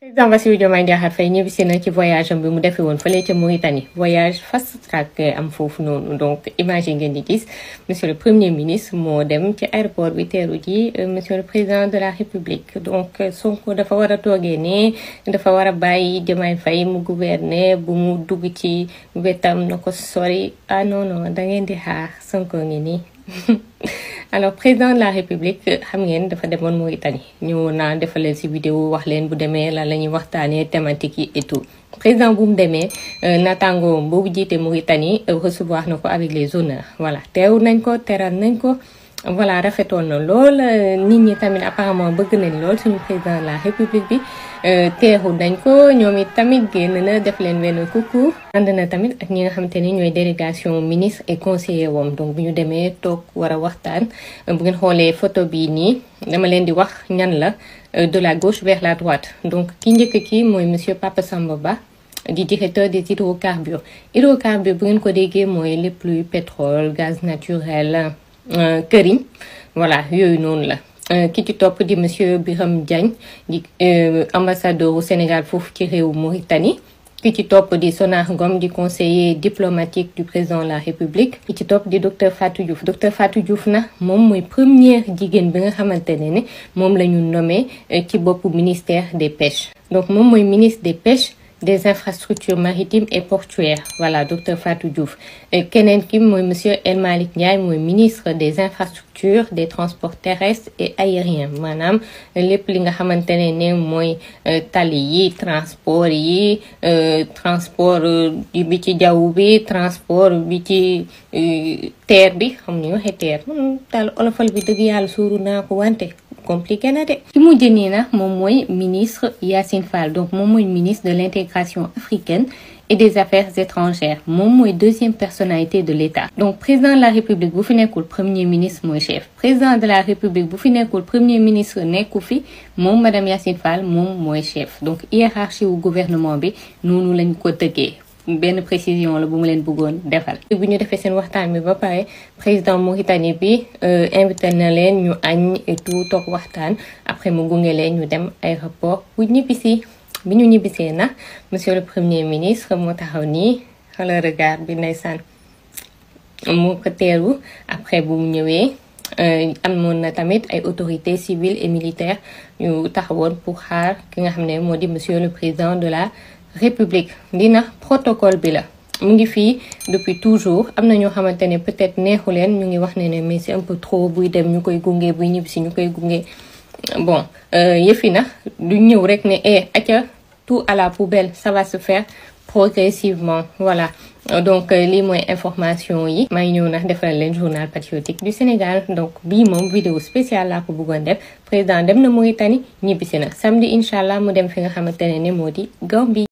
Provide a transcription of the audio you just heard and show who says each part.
Speaker 1: président Bassirou Diomaye Diakhar Faye ñibbisi na ci voyage bi mu defee woon fële ca Mauritanie voyage fast track am foofu noonu donc image yi ngeen di gis monsieur le premier ministre moo dem ci aéroport bi teeru ji monsieur le président de la république donc Sonko dafa war a toogee ne dafa war a bàyyi Diomaye fay mu gouverner bu mu dugg ci wetam na ko sori ah non non di xaar Sonko ngi nii alors président de la république xam ngeen dafa demoon Mauritanie ñëwoon naa defal leen si vidéo wax leen bu demee lan la ñuy waxtaanee thématique yi et tout président bu mu demee euh, naataango boobu jiite Mauritanie euh, recevoir na ko avec les honneurs voilà teew nañ ko teral nañ ko. voilà rafetoon na lool nit ñi tamit apparemment bëgg nañ lool suñu président la république bi euh, teexu dañ ko ñoom it tamit génn la def leen wenn coucou ànd na tamit ak ñi nga xamante ne ñooy délégation ministre et conseiller wam donc bu ñu demee toog war a waxtaan euh, bu ngeen xoolee photo bii nii dama leen di wax ñan la euh, de la gauche vers la droite donc ki njëkk ki mooy monsieur Papa Samba Ba di directeur des hydrocarbures hydrocarbures bu ngeen ko déggee mooy lépp luy pétrole gaz naturel Euh, këriñ voilà yooyu noonu la euh, ki ci topp di monsieur Birame Diagne di euh, Sénégal foofu ci réew Mauritanie ki ci topp di Sonar Ngom di conseiller diplomatique du président de la République ki ci topp di docteur Fatou Diouf docteur Fatou Diouf na moom mooy première jigéen bi nga xamante ne ne moom la ñu nommé ci boppu ministère des pêche donc moom mooy ministre des pêche des infrastructures maritimes et portuaires voilà docteur Fatou Diouf euh, keneen ki mooy monsieur El Malick Ndiaye mooy ministre des infrastructures des transports terrestres et aériens maanaam euh, lépp li nga xamante ne ne mooy euh, tali yi transport yi transport bi ci jaww bi transport bi ci terre bi xam ni waxee terre tal hmm, olofal bi dëgg yàlla suuru naa ko wante compliqué na de ki mujj nii nag moom mooy ministre Yassine Fall donc moom mooy ministre de l'intégration africaine et des affaires étrangères moom mooy deuxième personnalité de l'État donc président de la République bu fi nekkul premier ministre mooy chef président de la République bu fi nekkul premier ministre nekku fi moom madame Yassine Fall moom mooy chef donc hiérarchie wu gouvernement bi noonu lañ ko tëggee benn précision la bu mu leen bëggoon defal. bu ñu defee seen waxtaan bi ba pare président Mauritanie bi euh, invité na leen ñu añ et toog waxtaan après mu gunge leen ñu dem ay aéroport bu ñibbisi bi ñu ñibbisee na monsieur le premier ministre moo taxaw nii xala regard bi ndeysaan moo ko teeru après bu mu ñëwee. Euh, na tamit ay autorités civiles et militaires yu taxawoon pour xaar ki nga xam ne moo di monsieur le président de la république dina protocole bi la mu ngi fii depuis toujours am na ñoo xamante ne peut-être neexu leen ñu ngi wax ne ne mais c'est peu trop buy dem ñu koy gunge buy ñibbisi ñu koy gunge bon euh, yëfi na du ñëw rek ne eh acca tout à la poubelle ça va se faire progressivement voilà donc euh, lii mooy information yi maa ngi ñëw nag defal leen journal patriotique du Sénégal donc bii moom vidéo spéciale laa ko bëggoon def président dem na Mauritanie ñibbisi na samedi incha allah mu dem fi nga xamante ne ne moo di